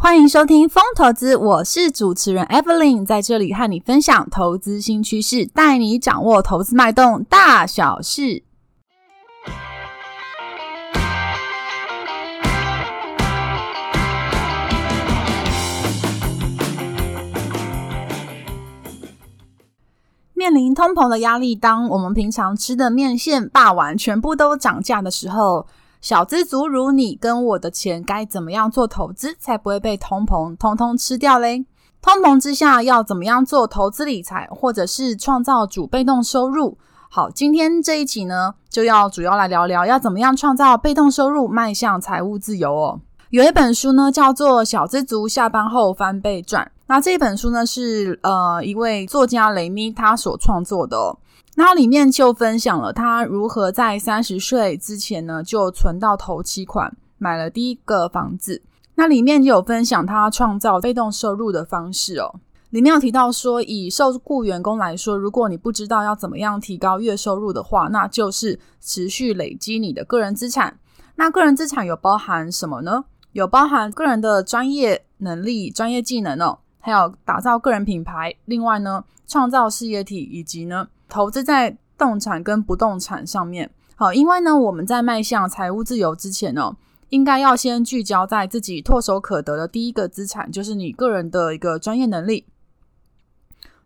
歡迎收聽《風投資》，我是主持人 Evelyn，在這裡和你分享投資新趨勢，帶你掌握投資脈動大小事。面臨通膨的壓力，當我們平常吃的麵線、肉圓全部都漲價的時候，小資族如你跟我的錢該怎麼樣做投資才不會被通膨通通吃掉嘞？通膨之下要怎麼樣做投資理財，或者是創造主被動收入？好，今天這一集呢，就要主要來聊聊要怎麼樣創造被動收入，邁向財務自由哦。有一本書呢，叫做《小資族下班後翻倍賺》，那這本書呢是呃一位作家雷咪他所創作的哦。那裡面就分享了他如何在三十歲之前呢，就存到頭期款，買了第一個房子。那裡面就有分享他創造被動收入的方式哦。裡面有提到說，以受僱員工來說，如果你不知道要怎麼樣提高月收入的話，那就是持續累積你的個人資產。那個人資產有包含什麼呢？有包含個人的專業能力、專業技能哦，還有打造個人品牌。另外呢，創造事業體以及呢，投資在動產跟不動產上面，好，因為呢，我們在邁向財務自由之前呢、喔，應該要先聚焦在自己唾手可得的第一個資產，就是你個人的一個專業能力。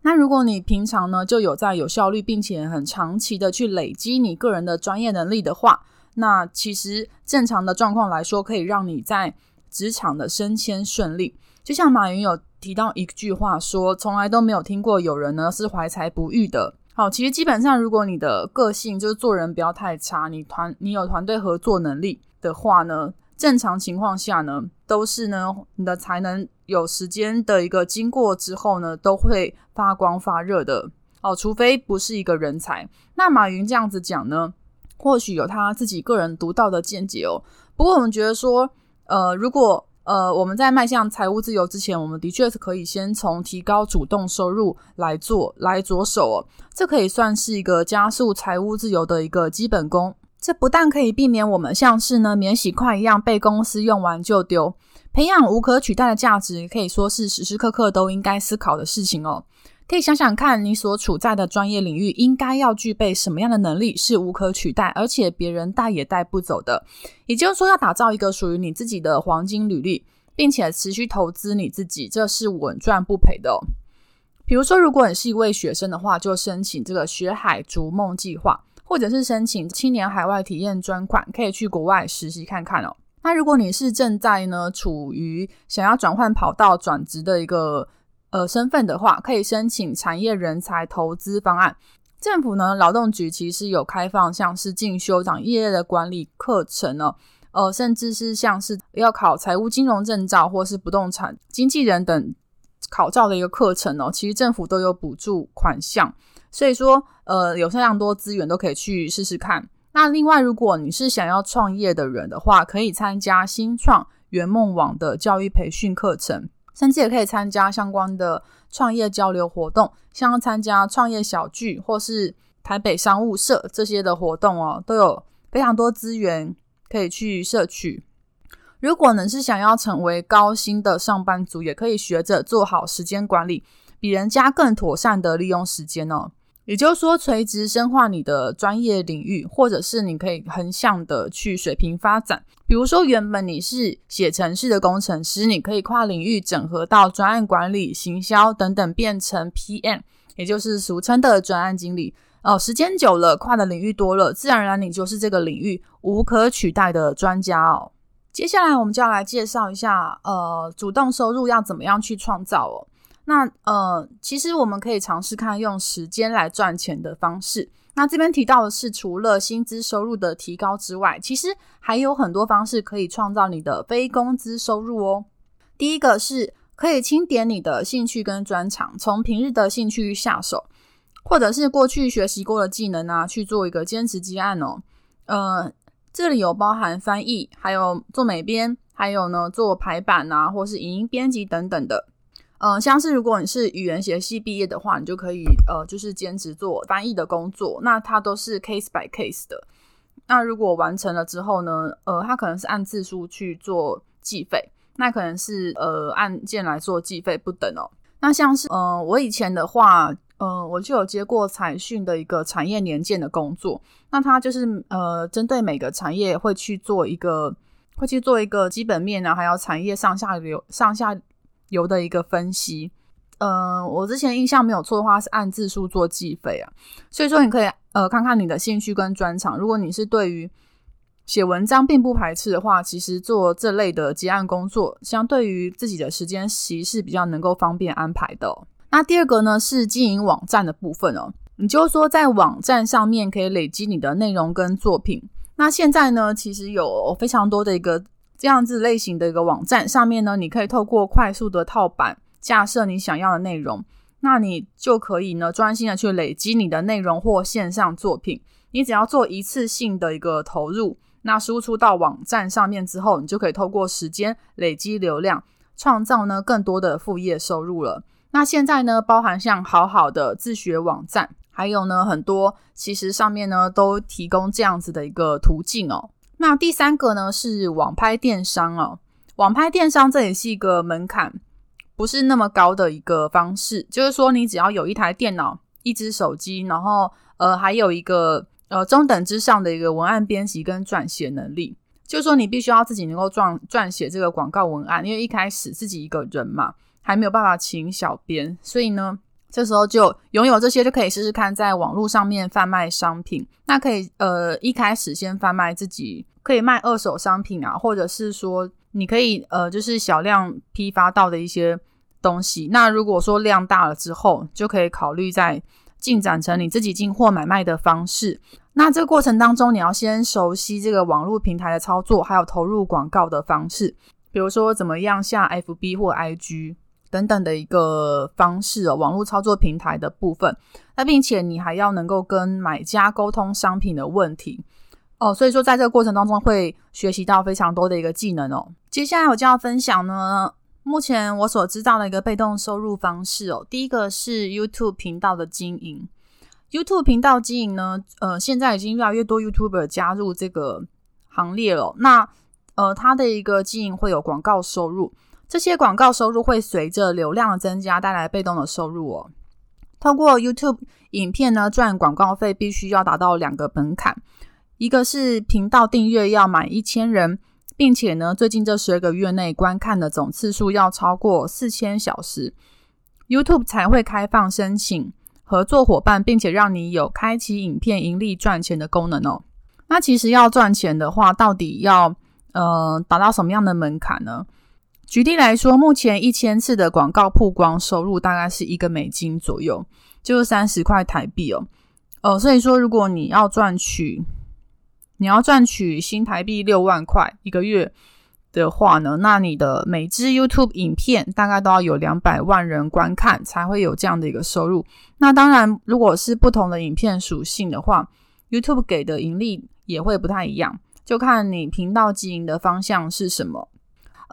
那如果你平常呢就有在有效率並且很長期的去累積你個人的專業能力的話，那其實正常的狀況來說，可以讓你在職場的升遷順利。就像馬雲有提到一句話說：“從來都沒有聽過有人呢是懷才不遇的。”好，其實基本上，如果你的個性就是做人不要太差，你團你有團隊合作能力的話呢，正常情況下呢，都是呢，你的才能有時間的一個經過之後呢，都會發光發熱的。哦，除非不是一個人才。那馬雲這樣子講呢，或許有他自己個人獨到的見解哦。不過我們覺得說，呃，如果呃，我們在邁向財務自由之前，我們的確是可以先從提高主動收入來做來着手哦。這可以算是一個加速財務自由的一個基本功。這不但可以避免我們像是呢免洗筷，一樣被公司用完就丟，培養無可取代的價值，可以說是時時刻刻都應該思考的事情哦。可以想想看你所處在的專業領域，應該要具備什麼樣的能力是無可取代，而且別人帶也帶不走的。也就是說，要打造一個屬於你自己的黃金履歷，並且持續投資你自己，這是穩賺不賠的哦。比如說，如果你是一位學生的話，就申請這個學海逐夢計劃，或者是申請青年海外體驗專款，可以去國外實習看看哦。那如果你是正在呢處於想要轉換跑道轉職的一個，呃，身份的話，可以申請產業人才投資方案。政府呢，勞動局其實有開放，像是進修長業的管理課程呢，呃，甚至是像是要考財務金融證照或是不動產經紀人等考照的一個課程哦。其實政府都有補助款項，所以說，呃，有非常多資源都可以去試試看。那另外，如果你是想要創業的人的話，可以參加新創圓夢網的教育培訓課程。甚至也可以參加相關的創業交流活動，像參加創業小聚或是台北商務社這些的活動哦，都有非常多資源可以去攝取。如果呢，是想要成為高薪的上班族，也可以學着做好時間管理，比人家更妥善的利用時間哦。也就是說，垂直深化你的專業領域，或者是你可以橫向的去水平發展。比如說，原本你是寫程式的工程師，你可以跨領域整合到專案管理、行銷等等，變成 PM，也就是俗稱的專案經理。哦、呃，時間久了，跨的領域多了，自然而然你就是這個領域無可取代的專家哦。接下來我們就要來介紹一下，呃，主動收入要怎麼樣去創造哦。那呃，其實我們可以嘗試看用時間來賺錢的方式。那這邊提到的是，除了薪資收入的提高之外，其實還有很多方式可以創造你的非工資收入哦。第一個是可以清點你的興趣跟專長，從平日的興趣下手，或者是過去學習過的技能啊，去做一個兼職接案哦。呃，這裡有包含翻譯，還有做美編，還有呢做排版啊，或是影音編輯等等的。嗯、呃，像是如果你是語言學系畢業的話，你就可以呃，就是兼職做翻譯的工作。那它都是 case by case 的。那如果完成了之後呢，呃，它可能是按字數去做計費，那可能是呃按件來做計費不等哦。那像是嗯、呃，我以前的話，嗯、呃，我就有接過財訊的一個產業年鑑的工作。那它就是呃，針對每個產業會去做一個，會去做一個基本面啊，還有產業上下游上下。有的一個分析，嗯、呃，我之前印象沒有錯的話，是按字數做計費啊。所以說，你可以呃看看你的興趣跟專長。如果你是對於寫文章並不排斥的話，其實做這類的接案工作，相對於自己的時間其實是比較能夠方便安排的哦。那第二個呢，是經營網站的部分哦。你就說，在網站上面可以累積你的內容跟作品。那現在呢，其實有非常多的一個。這樣子類型的一個網站上面呢，你可以透過快速的套版架設你想要的內容，那你就可以呢專心的去累積你的內容或線上作品。你只要做一次性的一個投入，那輸出到網站上面之後，你就可以透過時間累積流量，創造呢更多的副業收入了。那現在呢，包含像好好的自學網站，還有呢很多其實上面呢都提供這樣子的一個途徑哦。那第三個呢，是網拍電商哦。網拍電商這也是一個門檻不是那麼高的一個方式，就是說你只要有一台電腦、一隻手機，然後呃還有一個呃中等之上的一個文案編輯跟撰寫能力，就是說你必須要自己能夠撰撰寫這個廣告文案，因為一開始自己一個人嘛，還沒有辦法請小編，所以呢。這時候就擁有這些就可以試試看，在網絡上面販賣商品。那可以呃一開始先販賣自己可以賣二手商品啊，或者是說你可以呃就是小量批發到的一些東西。那如果說量大了之後，就可以考慮再進展成你自己進貨買賣的方式。那這個過程當中，你要先熟悉這個網絡平台的操作，還有投入廣告的方式，比如說怎麼樣下 FB 或 IG。等等的一個方式哦，網絡操作平台的部分，那並且你還要能夠跟買家溝通商品的問題哦，所以說在這個過程當中會學習到非常多的一個技能哦。接下來我就要分享呢，目前我所知道的一個被動收入方式哦，第一個是 YouTube 頻道的經營。YouTube 頻道經營呢，呃，現在已經越來越多 YouTuber 加入這個行列了。那呃，它的一個經營會有廣告收入。這些廣告收入會隨着流量的增加帶來被動的收入哦。透過 YouTube 影片呢，賺廣告費，必須要達到兩個門檻，一個是頻道訂閱要滿一千人，並且呢最近這十二個月內觀看的總次數要超過四千小時，YouTube 才會開放申請合作夥伴，並且讓你有開啟影片盈利賺錢的功能哦。那其實要賺錢的話，到底要呃達到什麼樣的門檻呢？舉例來說，目前一千次的廣告曝光收入大概是一個美金左右，就是三十塊台幣哦。呃，所以說，如果你要賺取，你要賺取新台幣六萬塊一個月的話呢，那你的每支 YouTube 影片大概都要有兩百萬人觀看才會有這樣的一個收入。那當然，如果是不同的影片屬性的話，YouTube 給的盈利也會不太一樣，就看你頻道經營的方向是什麼。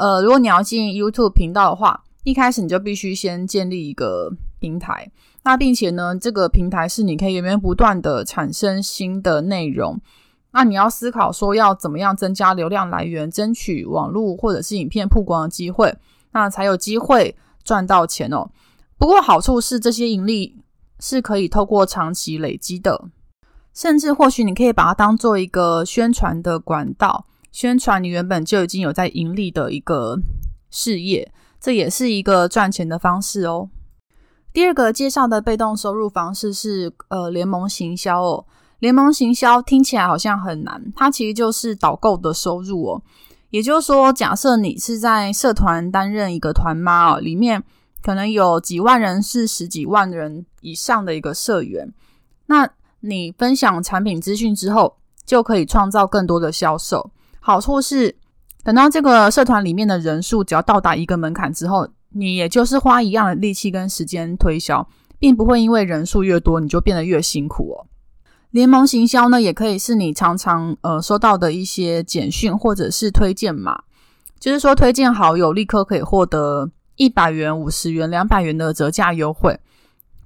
呃，如果你要進 YouTube 頻道的話，一開始你就必須先建立一個平台，那並且呢，這個平台是你可以源源不斷的產生新的內容。那你要思考說要怎麼樣增加流量來源，爭取網絡或者是影片曝光的機會，那才有機會賺到錢哦、喔。不過好處是這些盈利是可以透過長期累積的，甚至或許你可以把它當做一個宣傳的管道。宣傳你原本就已經有在盈利的一個事業，這也是一個賺錢的方式哦。第二個介紹的被動收入方式是呃聯盟行銷哦。聯盟行銷聽起來好像很難，它其實就是導購的收入哦。也就是說，假設你是在社團擔任一個團媽哦，裡面可能有幾萬人是十幾萬人以上的一個社員，那你分享產品資訊之後，就可以創造更多的銷售。好處是，等到這個社團裡面的人數只要到達一個門檻之後，你也就是花一樣的力氣跟時間推銷，並不會因為人數越多你就變得越辛苦哦。聯盟行銷呢，也可以是你常常呃收到的一些簡訊或者是推薦碼，就是說推薦好友立刻可以獲得一百元、五十元、兩百元的折價優惠。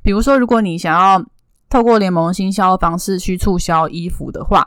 比如說，如果你想要透過聯盟行銷的方式去促銷衣服的話。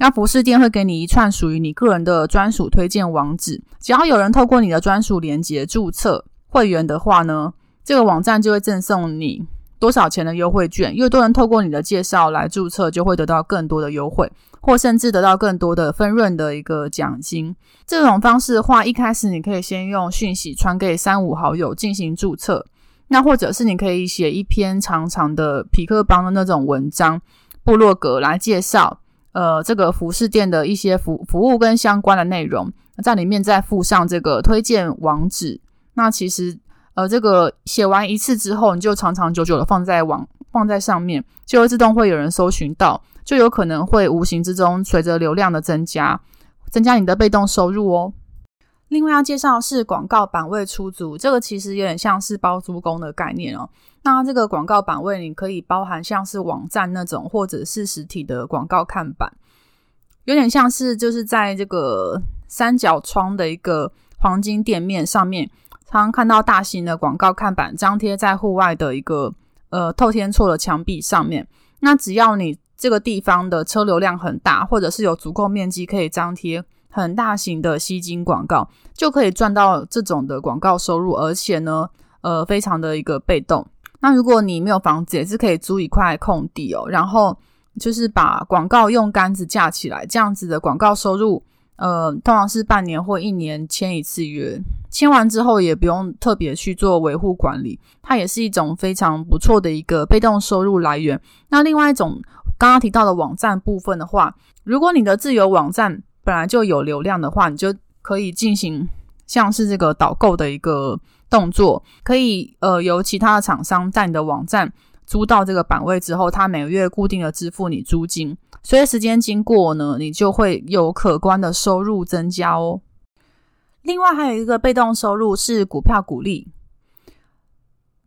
那服飾店會給你一串屬於你個人的專屬推薦網址，只要有人透過你的專屬鏈接注冊會員的話呢，這個網站就會贈送你多少錢的優惠券。越多人透過你的介紹來注冊，就會得到更多的優惠，或甚至得到更多的分潤的一個獎金。這種方式的話，一開始你可以先用訊息傳給三五好友進行注冊，那或者是你可以寫一篇長長的痞客邦的那種文章，部落格來介紹。呃，這個服飾店的一些服服務跟相關的內容，在裡面再附上這個推薦網址。那其實，呃，這個寫完一次之後，你就長長久久的放在網放在上面，就會自動會有人搜尋到，就有可能會無形之中隨着流量的增加，增加你的被動收入哦。另外要介紹的是廣告版位出租，這個其實有點像是包租公的概念哦。那這個廣告版位，你可以包含像是網站那種，或者是實體的廣告看板，有點像是就是在這個三角窗的一個黃金店面上面，常常看到大型的廣告看板張貼在戶外的一個呃透天厝的牆壁上面。那只要你這個地方的車流量很大，或者是有足夠面積可以張貼很大型的吸金廣告，就可以賺到這種的廣告收入，而且呢，呃，非常的一個被動。那如果你沒有房子，也是可以租一塊空地哦，然後就是把廣告用杆子架起來，這樣子的廣告收入，呃，通常是半年或一年簽一次約，簽完之後也不用特別去做維護管理，它也是一種非常不錯的一個被動收入來源。那另外一種剛剛提到的網站部分的話，如果你的自由網站本來就有流量的話，你就可以進行。像是這個導購的一個動作，可以呃由其他的廠商在你的網站租到這個版位之後，他每個月固定的支付你租金，隨着時間經過呢，你就會有可觀的收入增加哦。另外還有一個被動收入是股票股利，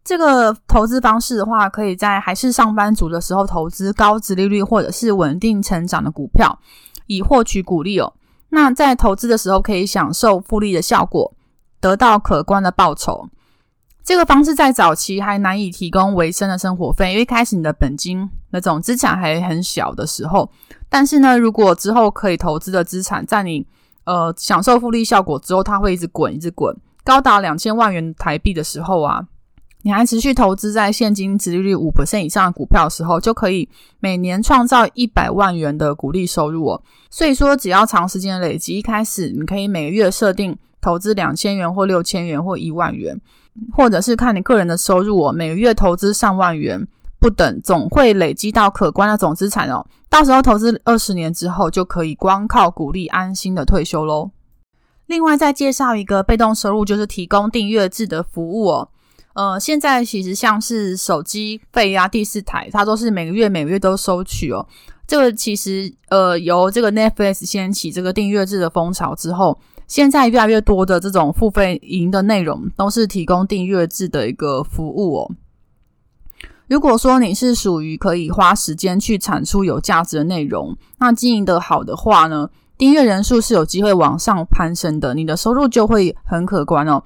這個投資方式的話，可以在還是上班族的時候投資高殖利率或者是穩定成長的股票，以獲取股利哦。那在投資的時候，可以享受複利的效果，得到可觀的報酬。這個方式在早期還難以提供維生的生活費，因為開始你的本金那種資產還很小的時候。但是呢，如果之後可以投資的資產，在你呃享受複利效果之後，它會一直滾，一直滾，高達兩千萬元台幣的時候啊。你還持續投資在現金殖利率五%以上的股票的時候，就可以每年創造一百萬元的股利收入哦。所以說，只要長時間累積，一開始你可以每個月設定投資兩千元或六千元或一萬元，或者是看你個人的收入哦，每個月投資上萬元不等，總會累積到可觀的總資產哦。到時候投資二十年之後，就可以光靠股利安心的退休嘍。另外，再介紹一個被動收入，就是提供訂閱制的服務哦。呃，現在其實像是手機費啊、第四台，它都是每個月、每個月都收取哦。這個其實呃，由這個 Netflix 掀起這個訂閱制的風潮之後，現在越來越多的這種付費營的內容都是提供訂閱制的一個服務哦。如果說你是屬於可以花時間去產出有價值的內容，那經營得好的話呢，訂閱人數是有機會往上攀升的，你的收入就會很可觀哦。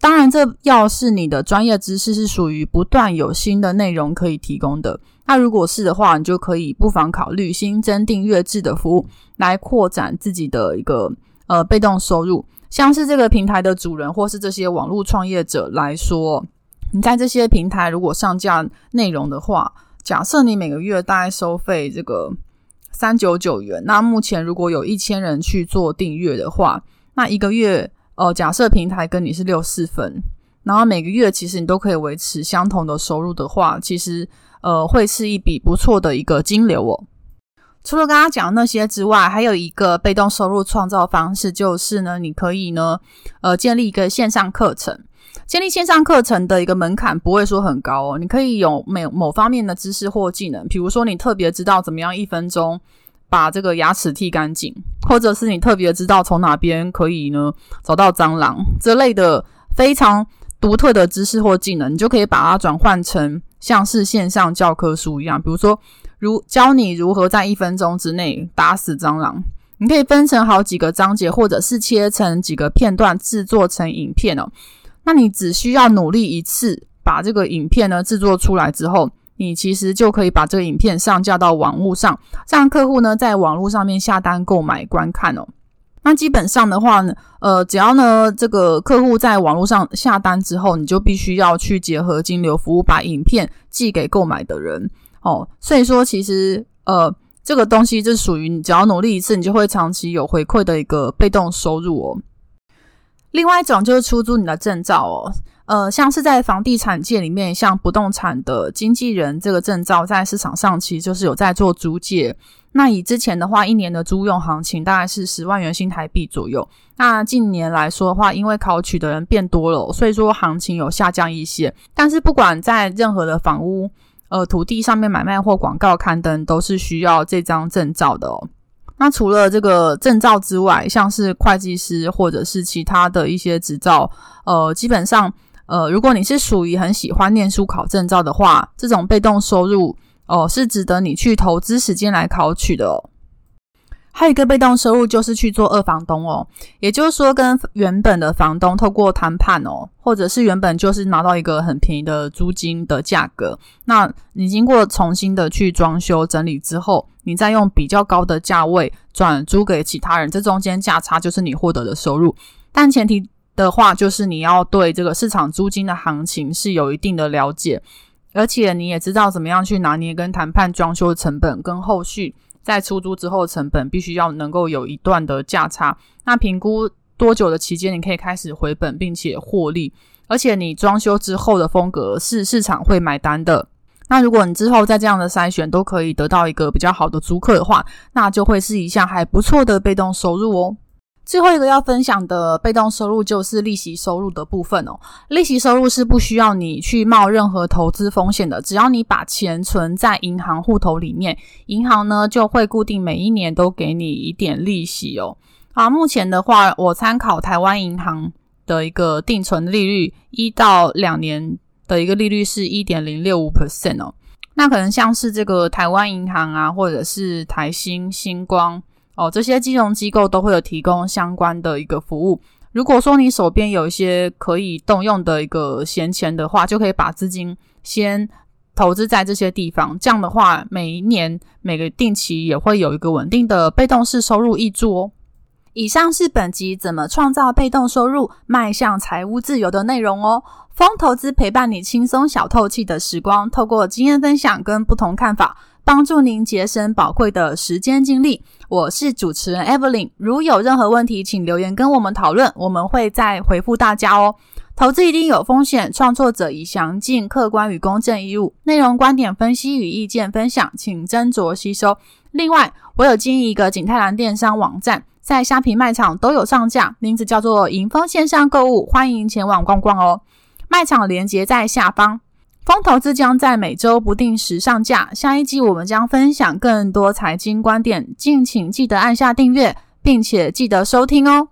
當然，這要是你的專業知識是屬於不斷有新的內容可以提供的，那如果是的話，你就可以不妨考慮新增訂閱制的服務來擴展自己的一個呃被動收入。像是這個平台的主人或是這些網絡創業者來說，你在這些平台如果上架內容的話，假設你每個月大概收費這個三九九元，那目前如果有一千人去做訂閱的話，那一個月。哦、呃，假設平台跟你是六四分，然後每個月其實你都可以維持相同的收入的話，其實呃會是一筆不錯的一個金流哦。除了剛剛講的那些之外，還有一個被動收入創造方式，就是呢，你可以呢，呃，建立一個線上課程。建立線上課程的一個門檻不會說很高哦，你可以有每某方面的知識或技能，比如說你特別知道怎麼樣一分鐘，把這個牙齒剔乾淨，或者是你特別知道從哪邊可以呢找到蟑螂這類的非常獨特的知識或技能，你就可以把它轉換成像是線上教科書一樣。比如說，如教你如何在一分鐘之內打死蟑螂，你可以分成好幾個章節，或者是切成幾個片段製作成影片哦。那你只需要努力一次，把這個影片呢製作出來之後。你其實就可以把這個影片上架到網絡上，讓客戶呢在網絡上面下單購買觀看哦。那基本上的話呢，呃，只要呢這個客戶在網絡上下單之後，你就必須要去結合金流服務把影片寄給購買的人哦。所以說，其實呃，這個東西就屬於你只要努力一次，你就會長期有回饋的一個被動收入哦。另外一種就是出租你的證照哦。呃，像是在房地產界裡面，像不動產的經紀人這個證照，在市場上其實就是有在做租借。那以之前的話，一年的租用行情大概是十萬元新台幣左右。那近年來說的話，因為考取的人變多了，所以說行情有下降一些。但是不管在任何的房屋、呃，土地上面買賣或廣告刊登，都是需要這張證照的哦。那除了這個證照之外，像是會計師或者是其他的一些執照，呃，基本上。呃，如果你是屬於很喜歡念書考證照的話，這種被動收入哦，呃，是值得你去投資時間來考取的哦。還有一個被動收入就是去做二房東哦，也就是說跟原本的房東透過談判哦，或者是原本就是拿到一個很便宜的租金的價格，那你經過重新的去裝修整理之後，你再用比較高的價位轉租給其他人，這中間價差就是你獲得的收入，但前提。的話，就是你要對這個市場租金的行情是有一定的了解，而且你也知道怎麼樣去拿捏跟談判裝修的成本跟後續在出租之後的成本，必須要能夠有一段的價差。那評估多久的期間，你可以開始回本並且獲利，而且你裝修之後的風格是市場會買單的。那如果你之後在這樣的篩選都可以得到一個比較好的租客的話，那就會是一項還不錯的被動收入哦。最後一個要分享的被動收入就是利息收入的部分哦。利息收入是不需要你去冒任何投資風險的，只要你把錢存在銀行戶頭裡面，銀行呢就會固定每一年都給你一點利息哦。好，目前的話，我參考台灣銀行的一個定存利率，一到兩年的一個利率是一點零六五 percent 哦。那可能像是這個台灣銀行啊，或者是台新星光。哦，這些金融機構都會有提供相關的一個服務。如果說你手邊有一些可以動用的一個閒錢的話，就可以把資金先投資在這些地方。這樣的話，每一年，每個定期也會有一個穩定的被動式收入挹注。哦，以上是本集怎麼創造被動收入，邁向財務自由的內容哦。瘋投資陪伴你輕鬆小透氣的時光，透過經驗分享跟不同看法。幫助您節省寶貴的時間精力，我是主持人 Evelyn。如有任何問題，請留言跟我們討論，我們會再回復大家哦。投資一定有風險，創作者已詳盡客觀與公正義務，內容觀點分析與意見分享，請斟酌吸收。另外，我有經營一個景泰藍電商網站，在蝦皮賣場都有上架，名字叫做迎峰線上購物，歡迎前往逛逛哦。賣場鏈接在下方。瘋投資將在每周不定時上架，下一季我們將分享更多財經觀點，敬請記得按下訂閱，並且記得收聽哦。